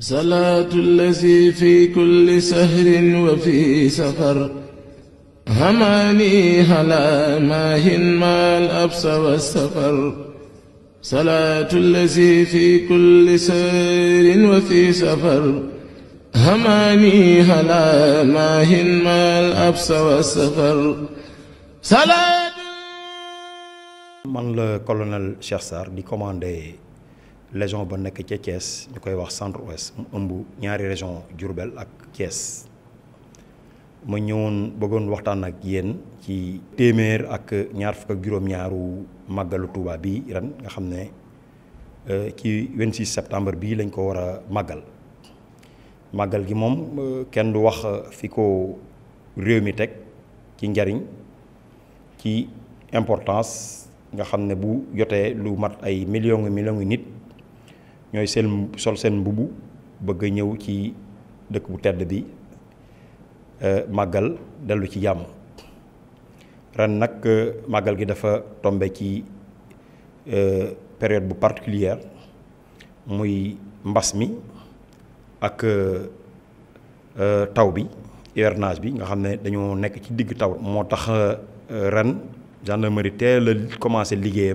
صلاة الذي في كل سهر وفي سفر هماني هلا ماهن ما الأبس والسفر صلاة الذي في كل سهر وفي سفر هماني هلا ماهن ما الأبس والسفر صلاة من الكولونيل colonel سار دي كوماندي légion ba nekk ca Thiès ñu koy wax centre ouest mu ëmb ñaari région Diourbel ak Thiès ma ñëwoon bëggoon waxtaan ak yéen ci téeméer ak ñaar fukk ak juróom-ñaaru màggalu Touba bi ren nga xam ne euh, ci 26 septembre bii lañ ko war a màggal màggal gi moom euh, kenn du wax euh, fi ko réew mi teg ci njariñ ci importance nga xam ne bu jotee lu mat ay millions millions nit ñooy seen sol seen mbubu bëgg a ñëw ci dëkk bu tedd bi période particulière muy mbas mi ak euh, euh, taw bi hivernage bi nga dañoo nekk ci digg taw euh, gendarmerie a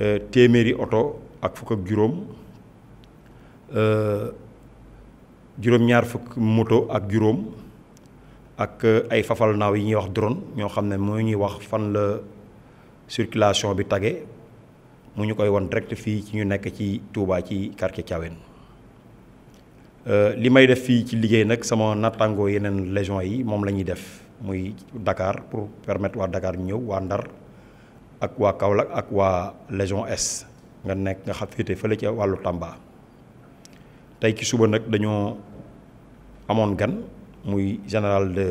Temeri oto ak fuk ak juróom euh, juróom-ñaar fukk moto ak juróom ak euh, ay fafal naaw yi ñuy wax drone ñoo xam ne moo ñuy wax fan la circulation bi tage mu ñu koy won direct fii ci ñu nekk ci Touba ci quartier tiawen euh, li may def fii ci liggéey nag sama nattangoo yeneen légion yi moom la ñuy def muy Dakar pour permettre waa Dakar ñëw waa Ndar ak waa Kaolack ak waa Légion Est nga nekk nga xam féete fële ci wàllu Tamba tey ci suba nag dañoo amoon gan muy général de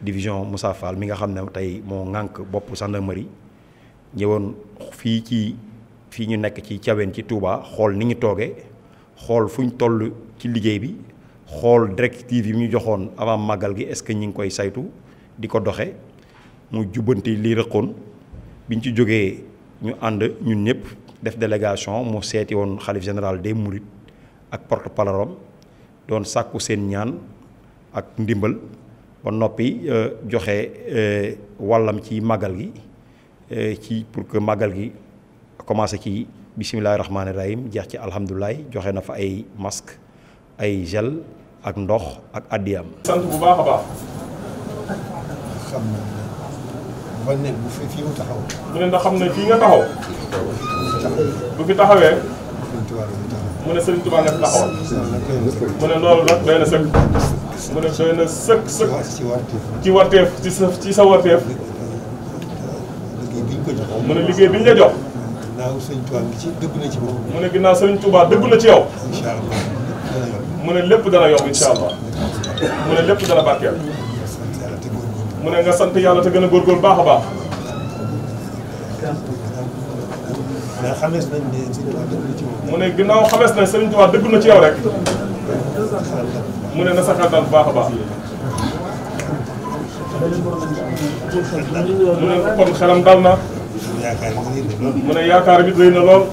division Moussa Fall mi nga xam ne tey moo ŋànk bopp gendarmerie ñëwoon fii ci fii ñu nekk ci Thiawéne ci Touba xool ni ñu toogee xool fu ñu toll ci liggéey bi xool directive yi ñu joxoon avant màggal gi est-ce que ñi ngi koy saytu di ko doxe mu jubbanti lii rëqoon biñ ci joggé ñu and ñun ñëpp def délégation mo seeti won khalif général des mourid ak porte palarom don sakku sen ñaan ak ndimbal ba noppi euh, joxe euh, walam ci magal gi euh, ci pour que magal gi commencé ci bisimilahi rahmaani rahim jeex ci alhamdulilah joxé na fa ay masque ay gel ak ndox ak adiyam sant bu baakha baax dafa bu fi fii taxaw. mu ne ndax xam ne fii nga taxaw. bu fi taxawee. mu ne Serigne Touba nga fi taxawal. mu ne loolu nag doy na sëkk. mu ne doy na sëkk sëkk. ci warteef ci sa ci sa warteef. mu ne liggéey bi ñu la jox. ginnaaw Serigne Touba ci dëgg na ci moom. mu ne ginnaaw Serigne Touba dëgg na ci yow. mu ne lépp dana yomb incha allah. mu ne lépp dana barkeel. mu ne nga sant yàlla te gën a góorgóor baax a baax. mais nañ ne Sëriñ mu ne ginnaaw xamees nañ Sëriñ Tuubaa dëgg na ci yow rek. mu ne na sa daal bu baax a baax. mu ne kon xelam dal na. mu ne yaakaar bi rëy na lool.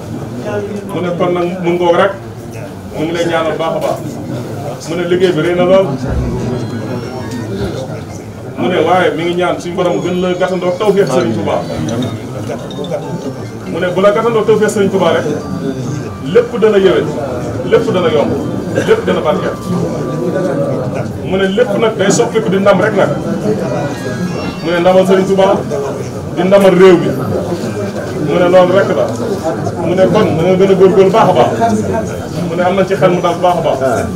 mu ne kon nag mu ngoog rek. mu ngi lay ñaanal baax a mu ne liggéey bi rëy na lool. mu ne waaye mi ngi ñaan suñu borom gën la gàttandoo tawfeex Serigne Touba mu ne bu la gàttandoo tawfeex Serigne Touba rek lépp dana yëwén lépp dana yomb lépp dana barkeel mu ne lépp nag day soppiku di ndam rek nag mu ne ndamal Serigne Touba di ndamal réew mi mu ne loolu rek la mu ne kon mu mu ne am na ci xel mu baax a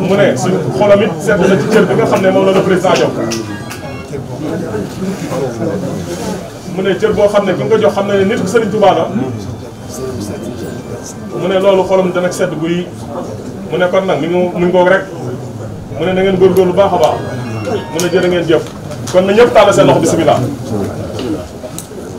mu ne suñ xolam it seet na ci cër bi nga xam ne moom la le président jox mu ne cër boo xam ne ki nga jox xam ne nit ku Serigne Touba ne loolu xolam dana sedd guy mu ne kon mi ngi mi rek mu ne na ngeen góorgóorlu baax a baax mu ne jërë ngeen jëf kon na ñëpp taal seen loxo bisimilah.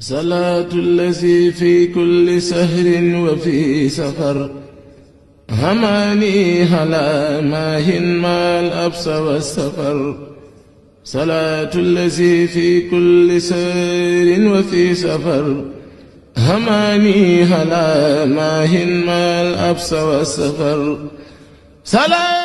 صلاة الذي في كل سهر وفي سفر هماني هلا ما هن ما الأبس والسفر صلاة الذي في كل سير وفي سفر هماني هلا ما هن ما الأبس والسفر صلاة